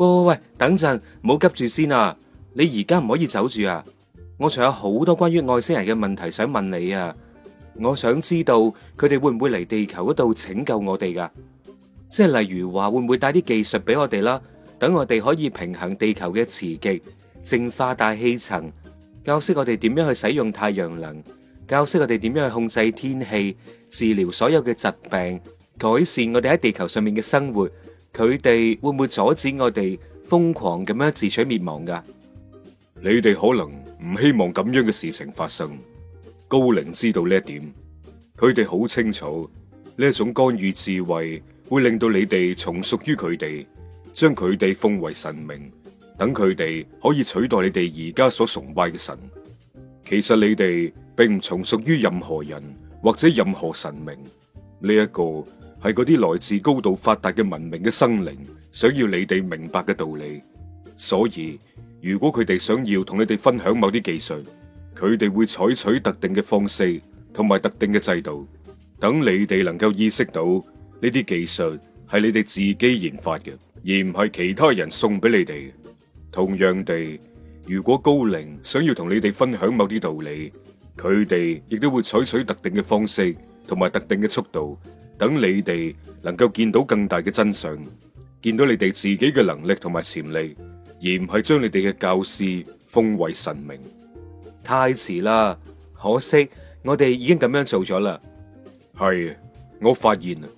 喂喂喂，等陣，唔好急住先啊！你而家唔可以走住啊！我仲有好多關於外星人嘅問題想問你啊！我想知道佢哋會唔會嚟地球嗰度拯救我哋噶啊？即係例如話會唔會帶啲技術俾我哋啦啊？等我哋可以平衡地球嘅磁極、淨化大氣層、教識我哋點樣去使用太陽能、教識我哋點樣去控制天氣、治療所有嘅疾病、改善我哋喺地球上面嘅生活。佢哋會唔會阻止我哋瘋狂咁樣自取滅亡噶？你哋可能唔希望咁樣嘅事情發生。高靈知道呢一點，佢哋好清楚呢一種干預智慧會令到你哋從屬於佢哋，將佢哋奉為神明，等佢哋可以取代你哋而家所崇拜嘅神。其實你哋並唔從屬於任何人或者任何神明呢一個。係嗰啲來自高度發達嘅文明嘅生靈，想要你哋明白嘅道理。所以，如果佢哋想要同你哋分享某啲技術，佢哋會採取特定嘅方式同埋特定嘅制度，等你哋能夠意識到呢啲技術係你哋自己研發嘅，而唔係其他人送俾你哋。同樣地，如果高靈想要同你哋分享某啲道理，佢哋亦都會採取特定嘅方式同埋特定嘅速度。等你哋能夠見到更大嘅真相，見到你哋自己嘅能力同埋潛力，而唔係將你哋嘅教師奉為神明，太遲啦！可惜我哋已經咁樣做咗啦。係，我發現啊，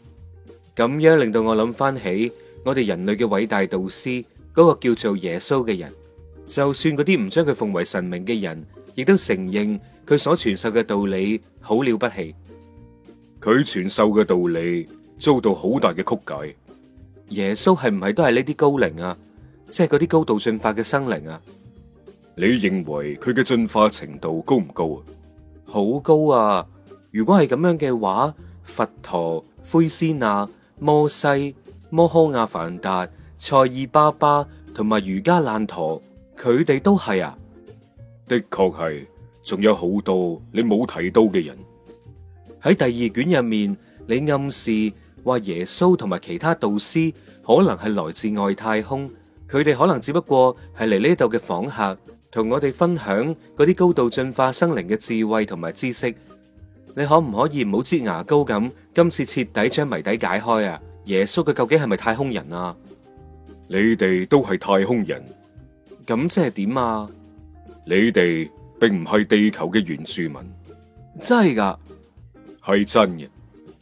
咁樣令到我諗翻起我哋人類嘅偉大導師，嗰個叫做耶穌嘅人，就算嗰啲唔將佢奉為神明嘅人，亦都承認佢所傳授嘅道理好了不起。佢傳授嘅道理遭到好大嘅曲解。耶穌係唔係都係呢啲高靈啊？即係嗰啲高度進化嘅生靈啊？你認為佢嘅進化程度高唔高啊？好高啊！如果係咁樣嘅話，佛陀、灰斯納、摩西、摩訶阿凡達、賽爾巴巴同埋瑜伽爛陀，佢哋都係啊？的確係，仲有好多你冇睇到嘅人。喺第二卷入面，你暗示話耶穌同埋其他導師可能係來自外太空，佢哋可能只不過係嚟呢度嘅訪客，同我哋分享嗰啲高度進化生靈嘅智慧同埋知識。你可唔可以唔好擠牙膏咁，今次徹底將謎底解開啊？耶穌佢究竟係咪太空人啊？你哋都係太空人，咁即係點啊？你哋並唔係地球嘅原住民，真係㗎。係真嘅，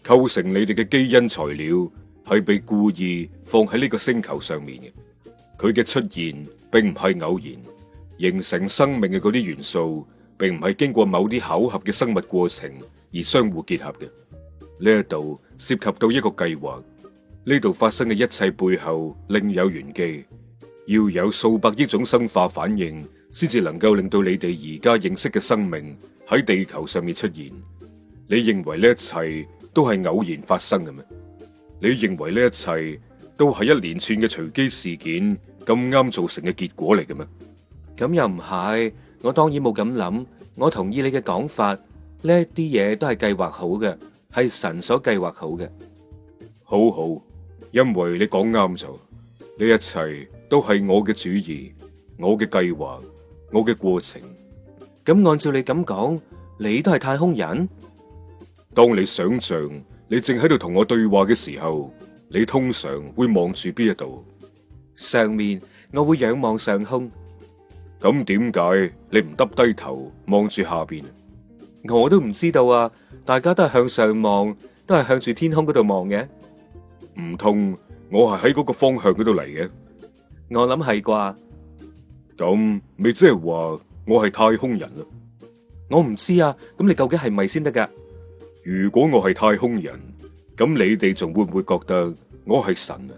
構成你哋嘅基因材料係被故意放喺呢個星球上面嘅。佢嘅出現並唔係偶然，形成生命嘅嗰啲元素並唔係經過某啲巧合嘅生物過程而相互結合嘅。呢一度涉及到一個計劃，呢度發生嘅一切背後另有玄機。要有數百億種生化反應，先至能夠令到你哋而家認識嘅生命喺地球上面出現。你認為呢一切都係偶然發生嘅咩？你認為呢一切都係一連串嘅隨機事件咁啱造成嘅結果嚟嘅咩？咁又唔係，我當然冇咁諗。我同意你嘅講法，呢一啲嘢都係計劃好嘅，係神所計劃好嘅。好好，因為你講啱咗，呢一切都係我嘅主意，我嘅計劃，我嘅過程。咁按照你咁講，你都係太空人。當你想象你正喺度同我對話嘅時候，你通常會望住邊一度？上面，我會仰望上空。咁點解你唔耷低頭望住下邊？我都唔知道啊！大家都係向上望，都係向住天空嗰度望嘅。唔通我係喺嗰個方向嗰度嚟嘅？我諗係啩？咁咪即係話我係太空人啦？我唔知啊！咁你究竟係咪先得噶？如果我係太空人，咁你哋仲會唔會覺得我係神啊？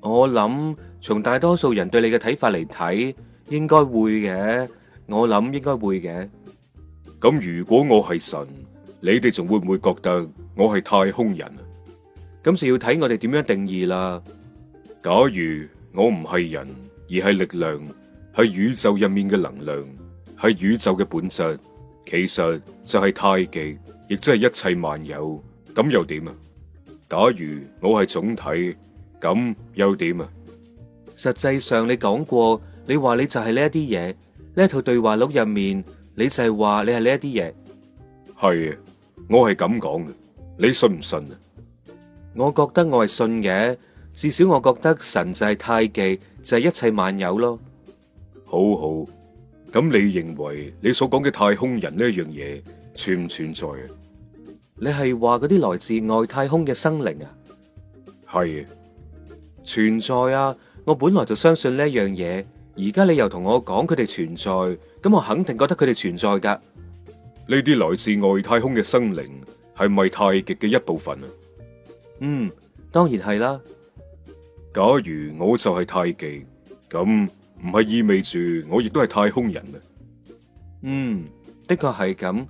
我諗從大多數人對你嘅睇法嚟睇，應該會嘅。我諗應該會嘅。咁如果我係神，你哋仲會唔會覺得我係太空人啊？咁就要睇我哋點樣定義啦。假如我唔係人，而係力量，係宇宙入面嘅能量，係宇宙嘅本質，其實就係太極。亦即係一切萬有，咁又點啊？假如我係總體，咁又點啊？實際上你講過，你話你就係呢一啲嘢，呢一套對話錄入面，你就係話你係呢一啲嘢。係啊，我係咁講嘅，你信唔信啊？我覺得我係信嘅，至少我覺得神就係太極，就係一切萬有咯。好好，咁你認為你所講嘅太空人呢一樣嘢，存唔存在啊？你係話嗰啲來自外太空嘅生靈啊？係嘅，存在啊！我本來就相信呢一樣嘢，而家你又同我講佢哋存在，咁我肯定覺得佢哋存在㗎。呢啲來自外太空嘅生靈係咪太極嘅一部分啊？嗯，當然係啦、啊。假如我就係太極，咁唔係意味住我亦都係太空人啊？嗯，的確係咁。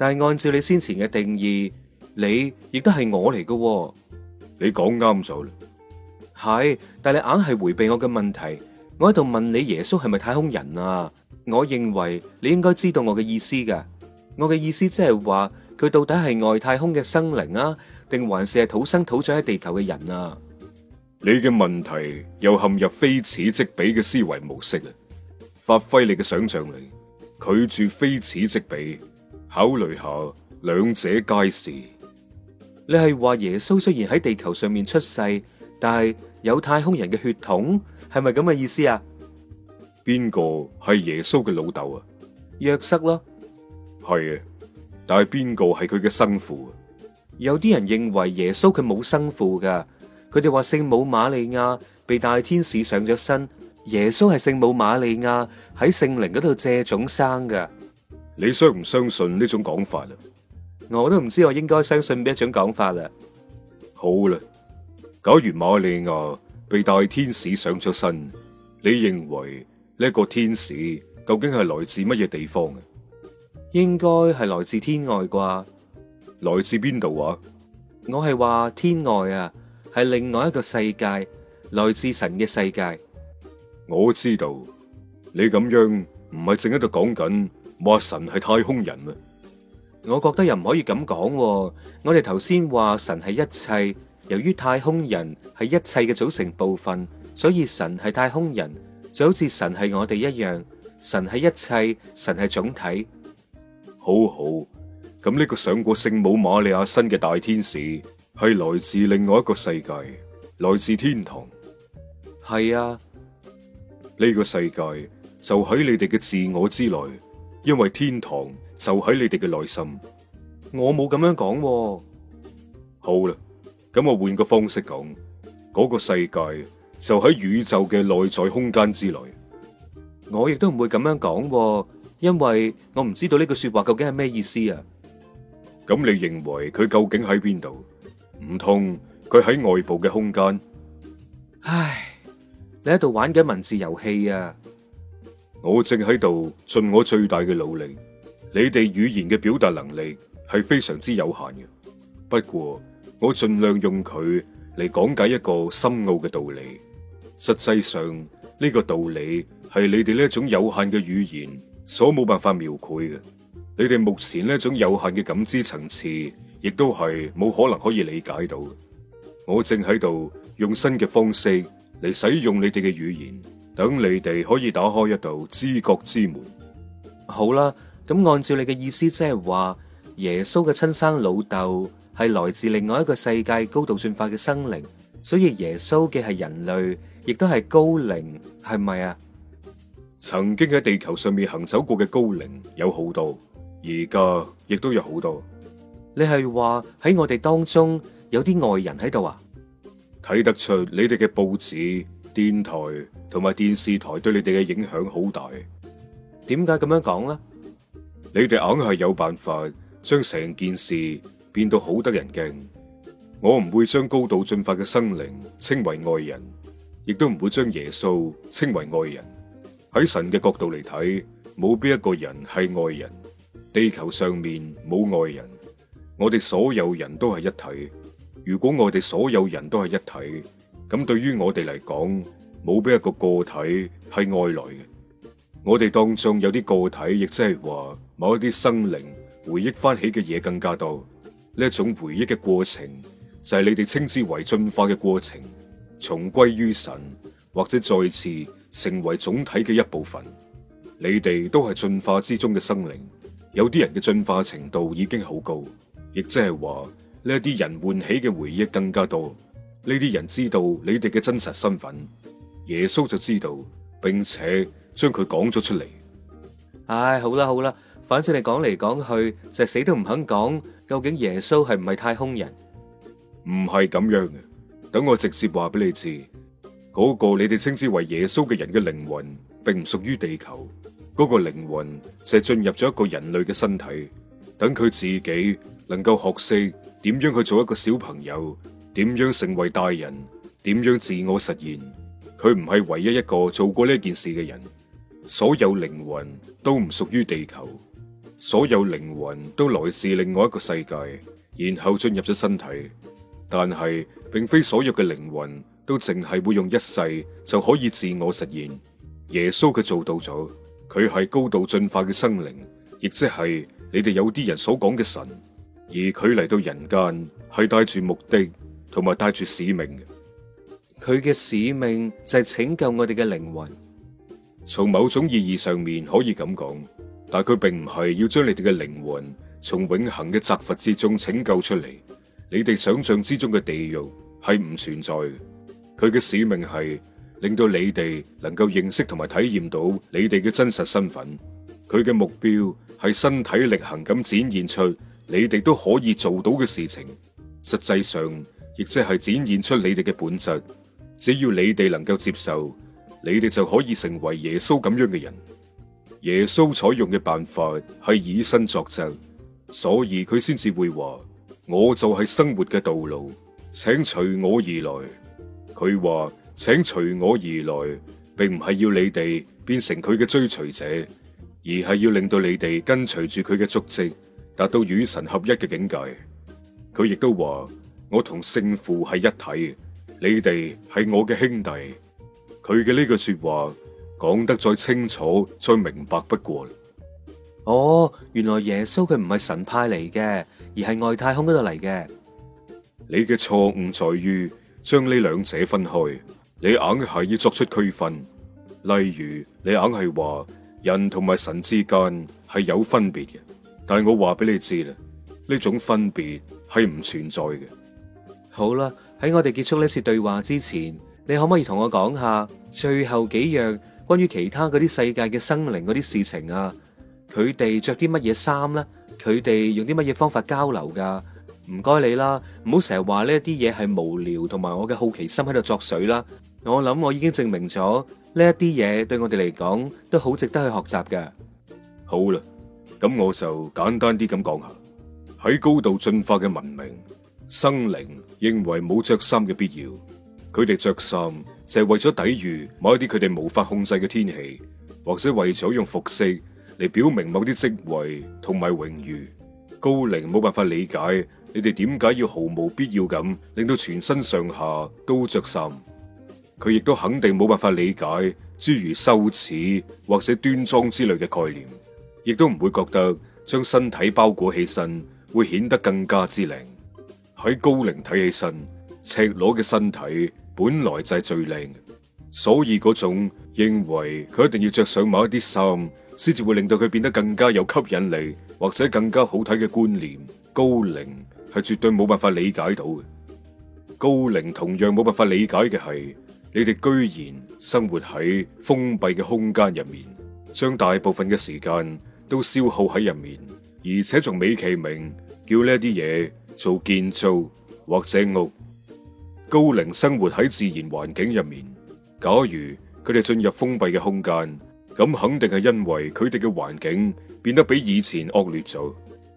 但係，按照你先前嘅定義，你亦都係我嚟嘅哦。你講啱咗啦，係，但係你硬係回避我嘅問題。我喺度問你，耶穌係咪太空人啊？我認為你應該知道我嘅意思嘅。我嘅意思即係話佢到底係外太空嘅生靈啊，定還是係土生土長喺地球嘅人啊？你嘅問題又陷入非此即彼嘅思維模式啦。發揮你嘅想象力，拒絕非此即彼。考慮下兩者皆是，你係話耶穌雖然喺地球上面出世，但係有太空人嘅血統，係咪咁嘅意思啊？邊個係耶穌嘅老豆啊？約瑟咯，係啊，但係邊個係佢嘅生父啊？有啲人認為耶穌佢冇生父噶，佢哋話聖母瑪利亞被大天使上咗身，耶穌係聖母瑪利亞喺聖靈嗰度借種生噶。你相唔相信呢種講法啊？我都唔知我應該相信邊一種講法啦。好啦，假如瑪利亞被大天使上咗身，你認為呢個天使究竟係來自乜嘢地方啊？應該係來自天外啩？來自邊度啊？我係話天外啊，係另外一個世界，來自神嘅世界。我知道你咁樣唔係正喺度講緊。話神係太空人啊！我覺得又唔可以咁講哦。我哋頭先話神係一切，由於太空人係一切嘅組成部分，所以神係太空人就好似神係我哋一樣。神係一切，神係總體。好好，咁呢個上過聖母瑪利亞身嘅大天使係來自另外一個世界，來自天堂。係啊，呢個世界就喺你哋嘅自我之內。因為天堂就喺你哋嘅內心，我冇咁樣講。好啦，咁我換個方式講，嗰個世界就喺宇宙嘅內在空間之內。我亦都唔會咁樣講，因為我唔知道呢句說話究竟係咩意思啊。咁你認為佢究竟喺邊度？唔通佢喺外部嘅空間？唉，你喺度玩緊文字遊戲啊！我正喺度盡我最大嘅努力，你哋語言嘅表達能力係非常之有限嘅。不過我盡量用佢嚟講解一個深奧嘅道理。實際上呢個道理係你哋呢種有限嘅語言所冇辦法描繪嘅。你哋目前呢種有限嘅感知層次，亦都係冇可能可以理解到。我正喺度用新嘅方式嚟使用你哋嘅語言。等你哋可以打開一道知覺之門。好啦，咁按照你嘅意思，即係話耶穌嘅親生老豆係來自另外一個世界高度進化嘅生靈，所以耶穌嘅係人類，亦都係高靈，係咪啊？曾經喺地球上面行走過嘅高靈有好多，而家亦都有好多。你係話喺我哋當中有啲外人喺度啊？睇得出你哋嘅報紙。電台同埋電視台對你哋嘅影響好大，點解咁樣講呢？你哋硬係有辦法將成件事變到好得人驚。我唔會將高度進化嘅生靈稱為外人，亦都唔會將耶穌稱為外人。喺神嘅角度嚟睇，冇必一個人係外人。地球上面冇外人，我哋所有人都係一體。如果我哋所有人都係一體，咁對於我哋嚟講，冇俾一個個體係外來嘅。我哋當中有啲個體，亦即係話某一啲生靈回憶翻起嘅嘢更加多。呢種回憶嘅過程，就係你哋稱之為進化嘅過程，重歸於神，或者再次成為總體嘅一部分。你哋都係進化之中嘅生靈，有啲人嘅進化程度已經好高，亦即係話呢啲人喚起嘅回憶更加多。呢啲人知道你哋嘅真實身份，耶穌就知道，並且將佢講咗出嚟。唉，好啦好啦，反正你講嚟講去，就係死都唔肯講。究竟耶穌係唔係太空人？唔係咁樣嘅，等我直接話俾你知，嗰個你哋稱之為耶穌嘅人嘅靈魂，並唔屬於地球。嗰個靈魂就係進入咗一個人類嘅身體，等佢自己能夠學識點樣去做一個小朋友。點樣成為大人？點樣自我實現？佢唔係唯一一個做過呢件事嘅人。所有靈魂都唔屬於地球，所有靈魂都來自另外一個世界，然後進入咗身體。但係，並非所有嘅靈魂都淨係會用一世就可以自我實現。耶穌佢做到咗，佢係高度進化嘅生靈，亦即係你哋有啲人所講嘅神。而佢嚟到人間，係帶住目的。同埋帶住使命嘅，佢嘅使命就係拯救我哋嘅靈魂。從某種意義上面可以咁講，但佢並唔係要將你哋嘅靈魂從永恒嘅責罰之中拯救出嚟。你哋想象之中嘅地獄係唔存在嘅。佢嘅使命係令到你哋能夠認識同埋體驗到你哋嘅真實身份。佢嘅目標係身體力行咁展現出你哋都可以做到嘅事情。實際上。亦即係展現出你哋嘅本質，只要你哋能夠接受，你哋就可以成為耶穌咁樣嘅人。耶穌採用嘅辦法係以身作則，所以佢先至會話，我就係生活嘅道路，請隨我而來。佢話，請隨我而來，並唔係要你哋變成佢嘅追隨者，而係要令到你哋跟隨住佢嘅足跡，達到與神合一嘅境界。佢亦都話。我同聖父係一體，你哋係我嘅兄弟。佢嘅呢句說話講得再清楚、再明白不過啦。哦，原來耶穌佢唔係神派嚟嘅，而係外太空嗰度嚟嘅。你嘅錯誤在於將呢兩者分開，你硬係要作出區分。例如，你硬係話人同埋神之間係有分別嘅，但係我話俾你知啦，呢種分別係唔存在嘅。好啦，喺我哋結束呢次對話之前，你可唔可以同我講下最後幾樣關於其他嗰啲世界嘅生靈嗰啲事情啊？佢哋着啲乜嘢衫咧？佢哋用啲乜嘢方法交流噶？唔該你啦，唔好成日話呢一啲嘢係無聊，同埋我嘅好奇心喺度作祟啦。我諗我已經證明咗呢一啲嘢對我哋嚟講都好值得去學習嘅。好啦，咁我就簡單啲咁講下，喺高度進化嘅文明生靈。認為冇着衫嘅必要，佢哋着衫就係為咗抵御某一啲佢哋無法控制嘅天氣，或者為咗用服飾嚟表明某啲職位同埋榮譽。高靈冇辦法理解你哋點解要毫無必要咁令到全身上下都着衫，佢亦都肯定冇辦法理解諸如羞恥或者端莊之類嘅概念，亦都唔會覺得將身體包裹起身會顯得更加之靈。喺高靈睇起身，赤裸嘅身體本來就係最靚嘅，所以嗰種認為佢一定要着上某一啲衫，先至會令到佢變得更加有吸引力，或者更加好睇嘅觀念，高靈係絕對冇辦法理解到嘅。高靈同樣冇辦法理解嘅係，你哋居然生活喺封閉嘅空間入面，將大部分嘅時間都消耗喺入面，而且仲美其名叫呢一啲嘢。做建造或者屋，高齡生活喺自然環境入面。假如佢哋進入封閉嘅空間，咁肯定係因為佢哋嘅環境變得比以前惡劣咗。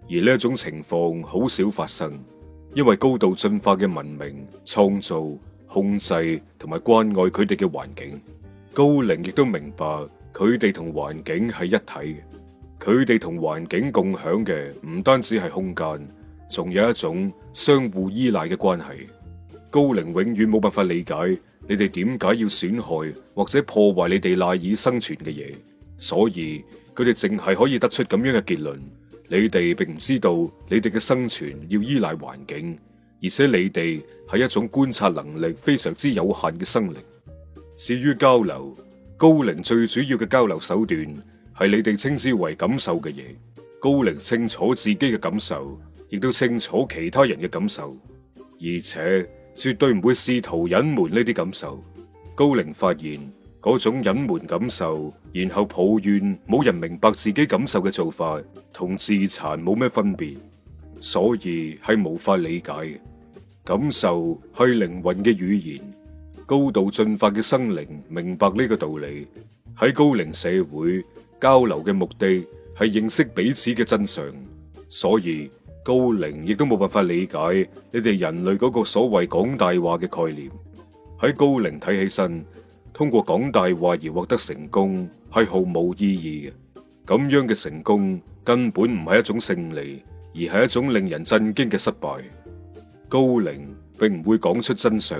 而呢一種情況好少發生，因為高度進化嘅文明創造、控制同埋關愛佢哋嘅環境。高齡亦都明白佢哋同環境係一體，佢哋同環境共享嘅唔單止係空間。仲有一種相互依賴嘅關係，高靈永遠冇辦法理解你哋點解要損害或者破壞你哋賴以生存嘅嘢，所以佢哋淨係可以得出咁樣嘅結論：你哋並唔知道你哋嘅生存要依賴環境，而且你哋係一種觀察能力非常之有限嘅生靈。至於交流，高靈最主要嘅交流手段係你哋稱之為感受嘅嘢，高靈清楚自己嘅感受。亦都清楚其他人嘅感受，而且絕對唔會試圖隱瞞呢啲感受。高靈發現嗰種隱瞞感受，然後抱怨冇人明白自己感受嘅做法，同自殘冇咩分別，所以係無法理解。感受係靈魂嘅語言，高度進化嘅生靈明白呢個道理。喺高靈社會交流嘅目的係認識彼此嘅真相，所以，高齡亦都冇辦法理解你哋人類嗰個所謂講大話嘅概念。喺高齡睇起身，通過講大話而獲得成功係毫無意義嘅。咁樣嘅成功根本唔係一種勝利，而係一種令人震驚嘅失敗。高齡並唔會講出真相，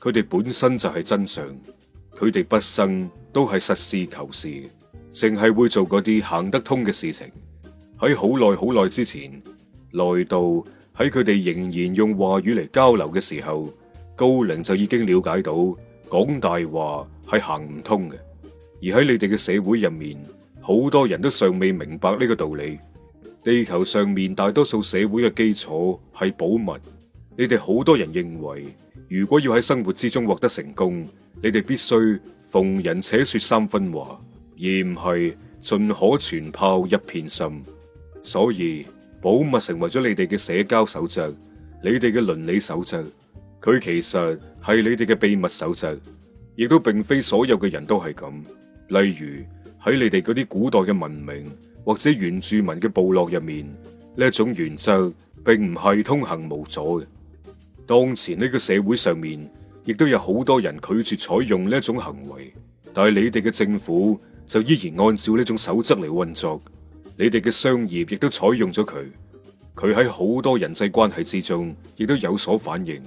佢哋本身就係真相，佢哋畢生都係實事求是，淨係會做嗰啲行得通嘅事情。喺好耐好耐之前。來到喺佢哋仍然用話語嚟交流嘅時候，高齡就已經了解到講大話係行唔通嘅。而喺你哋嘅社會入面，好多人都尚未明白呢個道理。地球上面大多數社會嘅基礎係保密。你哋好多人認為，如果要喺生活之中獲得成功，你哋必須逢人且說三分話，而唔係盡可全拋一片心。所以。保密成為咗你哋嘅社交守則，你哋嘅倫理守則，佢其實係你哋嘅秘密守則，亦都並非所有嘅人都係咁。例如喺你哋嗰啲古代嘅文明或者原住民嘅部落入面，呢種原則並唔係通行無阻嘅。當前呢個社會上面，亦都有好多人拒絕採用呢種行為，但係你哋嘅政府就依然按照呢種守則嚟運作。你哋嘅商業亦都採用咗佢，佢喺好多人際關係之中亦都有所反應。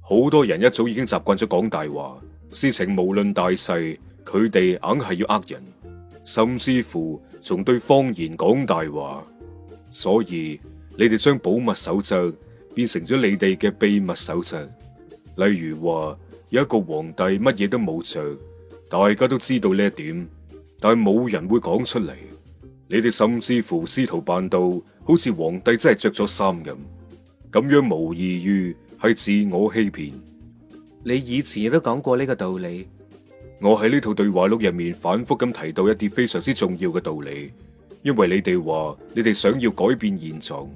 好多人一早已經習慣咗講大話，事情無論大細，佢哋硬係要呃人，甚至乎仲對方言講大話。所以你哋將保密守則變成咗你哋嘅秘密守則。例如話有一個皇帝乜嘢都冇着，大家都知道呢一點，但係冇人會講出嚟。你哋甚至乎試圖扮到，好似皇帝真係着咗衫咁，咁樣無異於係自我欺騙。你以前亦都講過呢個道理，我喺呢套對話錄入面反復咁提到一啲非常之重要嘅道理，因為你哋話你哋想要改變現狀，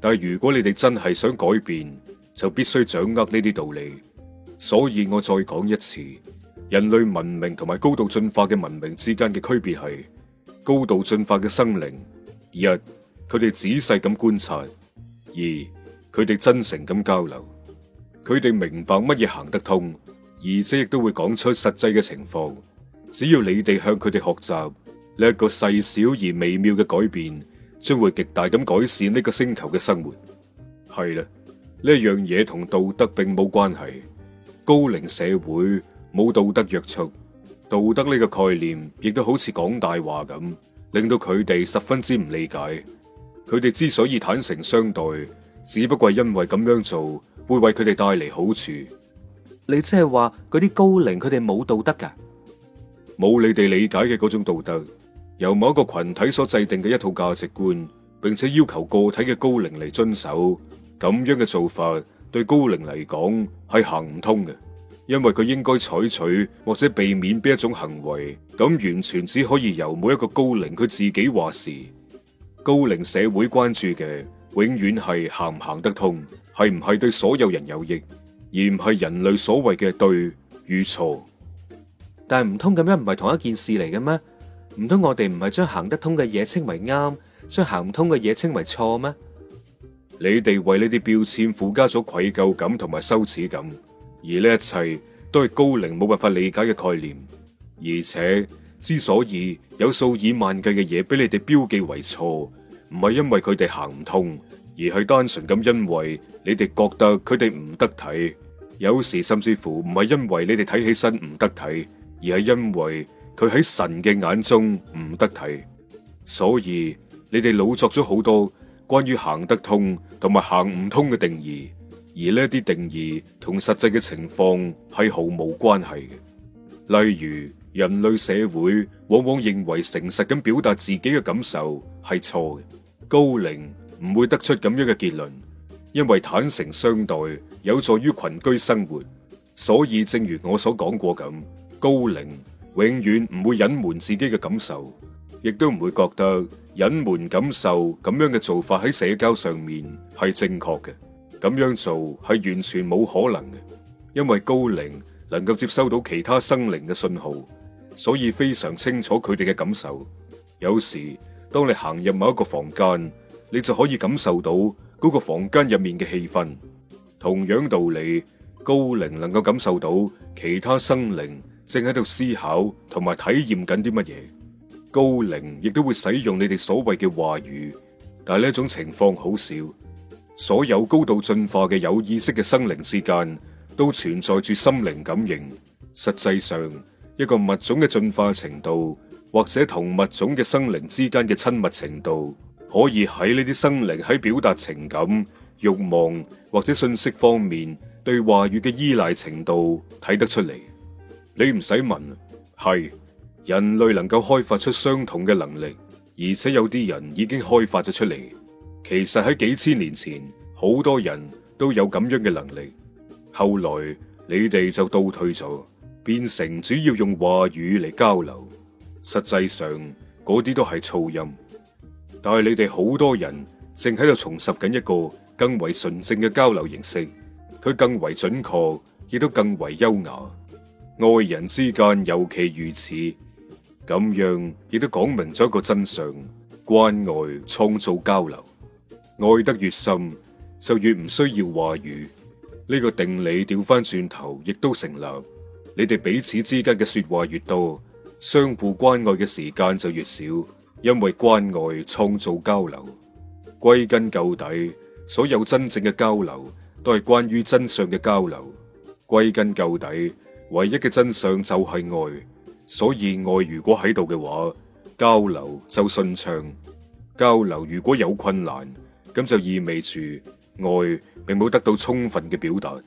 但係如果你哋真係想改變，就必須掌握呢啲道理。所以我再講一次，人類文明同埋高度進化嘅文明之間嘅區別係。高度進化嘅生靈，一佢哋仔細咁觀察，二佢哋真誠咁交流，佢哋明白乜嘢行得通，而且亦都會講出實際嘅情況。只要你哋向佢哋學習，呢、這、一個細小而微妙嘅改變，將會極大咁改善呢個星球嘅生活。係啦，呢一樣嘢同道德並冇關係，高齡社會冇道德約束。道德呢個概念亦都好似講大話咁，令到佢哋十分之唔理解。佢哋之所以坦誠相待，只不過係因為咁樣做會為佢哋帶嚟好處。你即係話嗰啲高靈，佢哋冇道德噶、啊，冇你哋理解嘅嗰種道德，由某一個群體所制定嘅一套價值觀，並且要求個體嘅高靈嚟遵守，咁樣嘅做法對高靈嚟講係行唔通嘅。因為佢應該採取或者避免邊一種行為，咁完全只可以由每一個高齡佢自己話事。高齡社會關注嘅永遠係行唔行得通，係唔係對所有人有益，而唔係人類所謂嘅對與錯。但係唔通咁樣唔係同一件事嚟嘅咩？唔通我哋唔係將行得通嘅嘢稱為啱，將行唔通嘅嘢稱為錯咩？你哋為呢啲標籤附加咗愧疚感同埋羞恥感。而呢一切都係高靈冇辦法理解嘅概念，而且之所以有數以萬計嘅嘢俾你哋標記為錯，唔係因為佢哋行唔通，而係單純咁因為你哋覺得佢哋唔得體。有時甚至乎唔係因為你哋睇起身唔得體，而係因為佢喺神嘅眼中唔得體。所以你哋老作咗好多關於行得通同埋行唔通嘅定義。而呢啲定義同實際嘅情況係毫無關係嘅。例如，人類社會往往認為誠實咁表達自己嘅感受係錯嘅。高靈唔會得出咁樣嘅結論，因為坦誠相待有助於群居生活。所以，正如我所講過咁，高靈永遠唔會隱瞞自己嘅感受，亦都唔會覺得隱瞞感受咁樣嘅做法喺社交上面係正確嘅。咁樣做係完全冇可能嘅，因為高靈能夠接收到其他生靈嘅信號，所以非常清楚佢哋嘅感受。有時當你行入某一個房間，你就可以感受到嗰個房間入面嘅氣氛。同樣道理，高靈能夠感受到其他生靈正喺度思考同埋體驗緊啲乜嘢。高靈亦都會使用你哋所謂嘅話語，但係呢種情況好少。所有高度進化嘅有意識嘅生靈之間，都存在住心靈感應。實際上，一個物種嘅進化程度，或者同物種嘅生靈之間嘅親密程度，可以喺呢啲生靈喺表達情感、慾望或者信息方面對話語嘅依賴程度睇得出嚟。你唔使問，係人類能夠開發出相同嘅能力，而且有啲人已經開發咗出嚟。其實喺幾千年前，好多人都有咁樣嘅能力。後來你哋就倒退咗，變成主要用話語嚟交流。實際上嗰啲都係噪音，但係你哋好多人正喺度重拾緊一個更為純正嘅交流形式，佢更為準確，亦都更為優雅。愛人之間尤其如此，咁樣亦都講明咗一個真相：關愛創造交流。愛得越深，就越唔需要話語。呢個定理調翻轉頭，亦都成立。你哋彼此之間嘅說話越多，相互關愛嘅時間就越少，因為關愛創造交流。歸根究底，所有真正嘅交流都係關於真相嘅交流。歸根究底，唯一嘅真相就係愛。所以愛如果喺度嘅話，交流就順暢。交流如果有困難，咁就意味住愛並冇得到充分嘅表達。